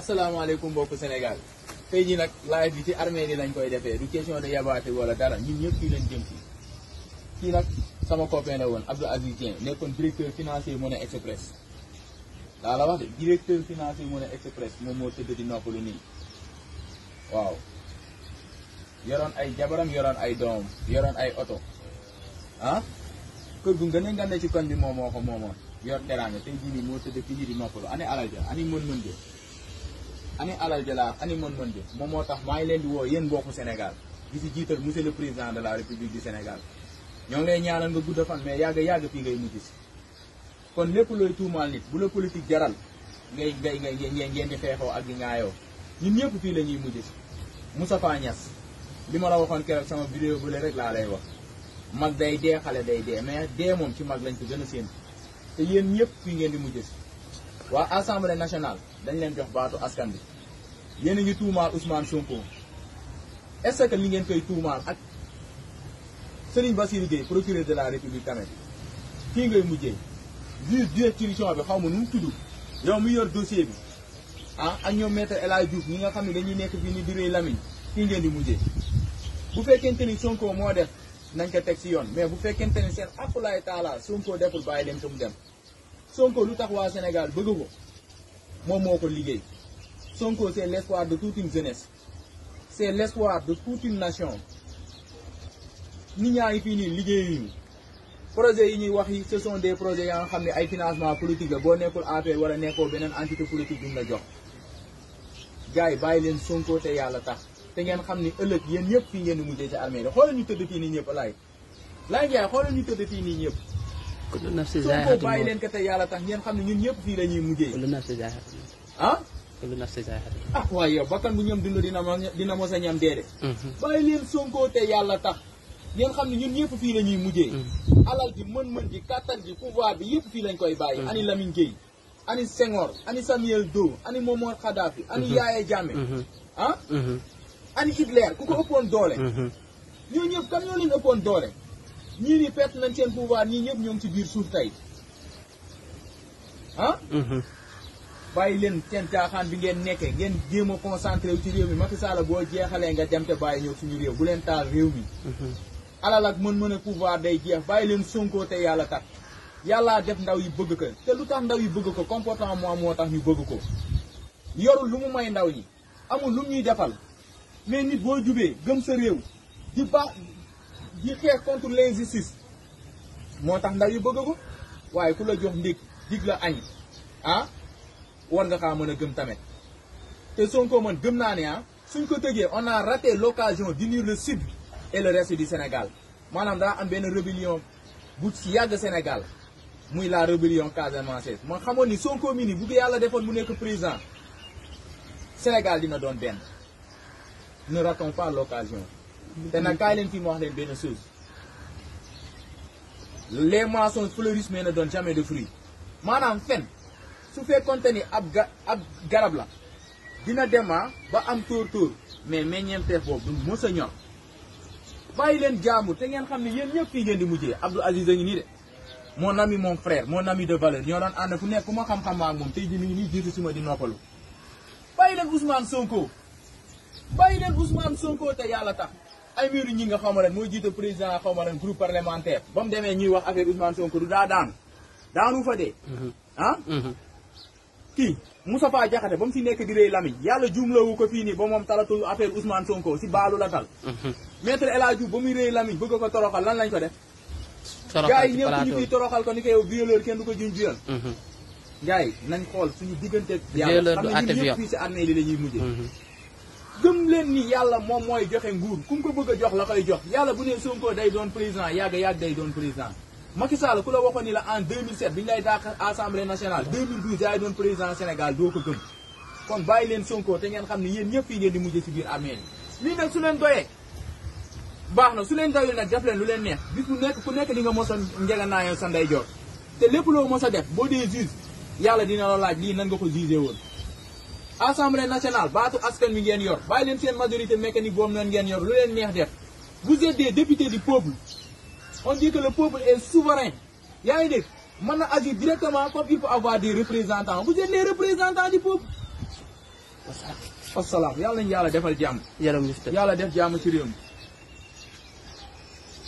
asalaamaaleykum mbokku Sénégal tey jii nag live bi ci armée yi lañ koy defee du question de yabaate wala dara ñun ñëpp fii lañ jëm si. kii nag sama copain la woon Abdou Aziz Dieng nekkoon directeur financier Money Express daa la wax de directeur financier Money Express moom moo tëdd di noppalu nii waaw yoroon ay jabaram yoroon ay doom yoroon ay oto ah kër gu ngeen ngeen ci koñ bi moom moo ko moomoon yor teraanga tey jii nii moo tëdd fii nii di noppalu ani ani alal jalaaf ani mën-mën bi moom moo tax maa ngi leen di woo yéen mbokku Sénégal di jiital monsieur le président de la république du Sénégal ñoo ngi lay ñaanal nga gudd fan mais yàgg yàgg fii ngay mujj si kon lépp looy tuumaal nit bu la politique jaral ngay ngay ngay ngeen ngeen di xeexoo ak di ŋaayoo ñun ñëpp fii la ñuy mujj si Moustapha Niass li ma la waxoon keroog sama vidéo bu rek laa lay wax mag day dee xale day dee mais dee moom ci mag lañ ko gën a te yéen ñëpp fii ngeen di mujj si waa assemblée nationale dañ leen jox baatu askan bi yéen a ngi tuumaal Ousmane Sonko est li ngeen koy tuumaal ak Serigne Bassirou Gueye procureur de la république tamit kii ngay mujjee juge d'instruction bi xaw ma nu mu tudd yow mu yor dossier bi ah ak ñoom maître El Hadj Diouf ñi nga xam ne dañuy nekk fii ni direy Lamine kii ngeen di mujjee bu fekkente ni Sonko moo def nañ ko teg si yoon mais bu fekkente ni seen appulaay taala Sonko deful bàyyi dem te mu dem Sonko lu tax waa senegal bëgg ko moom moo ko liggéey Sonko c'est l'espoir de toute une jeunesse c'est l'espoir de toute une nation nit ñaa ngi fii nii liggéeyuñu projets yi ñuy wax yi ce sont des projets yaa nga xam ne ay financement politique la boo nekkul APR wala nekkoo beneen entité politique duñ la jox gars yi bàyyi leen Sonko te yàlla tax te ngeen xam ni ëllëg yéen ñëpp fii ngeen di mujjee ci armée yi xoolal ñu tëdd fii nii ñëpp laay laay Ndiaye xoolal ñu tëdd fii nii ñëpp. kullu nafsin zaa'iqatul bàyyi leen ko tey yàlla tax ngeen xam ne ñun ñëpp fii la ñuy mujjee. kullu nafsin zaa'iqatul mawt ah. kullu nafsin zaa'iqatul mawt ah waaye yow bakkan bu ñam dund dina mos dina ñam dee de. Mhm. bàyyi leen Sonko te yàlla tax ngeen xam ne ñun ñëpp fii la ñuy mujjee. Mhm. alal ji mën-mën ji kattan ji pouvoir bi yëpp fii lañ koy bàyyi. Mhm. ani Lamine Gueye ani Senghor ani Samuel Doe ani Momar Khadafi ani Yaya Jammeh ah. ani Hitler ku ko ëppoon doole. ñoo ñëpp kan ñoo leen ëppoon doole. ñii ni perte nañ seen pouvoir nii ñëpp ñoo ngi ci biir suuf tey ah. Mhm. leen seen caaxaan bi ngeen nekkee ngeen jéem a concentré ci réew mi Macky Sall boo jeexalee nga dem te bàyyi ñëw suñu réew bu leen taal réew mi. Mhm. alal ak mën-mën a pouvoir day jeex bàyyi leen Sonko te yàlla tax yàllaa def ndaw yi bëgg ko te lu tax ndaw yi bëgg ko comportement moo tax ñu bëgg ko. yorul lu mu may ndaw ñi amul lu ñuy defal mais nit boo jubee gëm sa réew di baax. di xeex contre l'injustice moo tax ndaw yi bëgg ko waaye ku la jox ndékk dig la añ ah war nga xaa mën a gëm tamit te Sonko man gëm naa ni ah suñ ko tëjee on a raté l'occasion d'unir le sud et le reste du Sénégal maanaam daa am benn rébellion bu ci yàgg Sénégal muy la rébellion casamançaise man xamoon ni Sonko mi ni bu ko yàlla defoon mu nekk président Sénégal dina doon benn ne ratons pas l'occasion te nag kaay leen fii ma wax leen benn chose les mensonges fleurissent mais na doon jamais de fruits maanaam fen su fekkoonte ni ab ga ab garab la dina dema ah ba am tóor tóor mais meññeenteef boobu du mës a ñor bàyyi leen jaamu te ngeen xam ne yéen ñëpp fii ngeen di mujjee Abdou Aziz a ngi nii de mon ami mon frère mon ami de valeur ñoo doon ànd fu nekk ku ma xam-xam ak moom tey jii mi ngi nii jiitu si di noppalu bàyyi leen Ousmane Sonko bàyyi te yàlla tax Aymérou Gningue xaw ma lan mooy jiite président xaw ma lan groupe parlementaire ba mu demee ñuy wax affaire Ousmane Sonko du daa daanu daanu fa dee mhm. ah mhm. kii Moustapha Diakhaté ba mu fi nekk di rëy lamiñ yàlla juumlawu ko fii nii ba moom talatul affaire Ousmane Sonko si baalu la tal mhm. maître El Hadj ba muy rëy lamiñ bëgg ko toroxal lan lañ ko def gars yi ñëpp ñu fii toroxal ko ni ko yow violeur kenn du ko juñ viol gars yi nañ xool suñu diggante yàlla xam ne ñun ñëpp fii si armée li la gëm leen ni yàlla moom mooy joxe nguur ku mu ko bëgg jox la koy jox yàlla bu ne Sonko day doon président yàgg yàgg day doon président Macky ku la waxoon ni la en 2007 bi ñu lay dàq assemblée nationale 2012 yaay doon président Sénégal doo ko gëm kon bàyyi leen Sonko te ngeen xam ni yéen ñëpp fii ngeen di mujjee ci biir armée yi lii nag su leen doyee baax na su leen doyul nag def leen lu leen neex bis bu nekk ku nekk di nga mos a sa ndeyjoor te lépp loo mos a def boo dee juge yàlla dina la laaj lii nan nga ko jugé woon assemblée nationale baatu askan wi ngeen yor bàyyi leen seen majorité mécanique boobu noonu ngeen yor lu leen neex def vous êtes des députés du peuple on dit que le peuple est souverain yaa ngi dégg mën na agir directement comme il faut avoir des représentants vous êtes les représentants du peuple wasalaam yàlla nañu yàlla defal jàmm yàlla def jàmm ci réew mi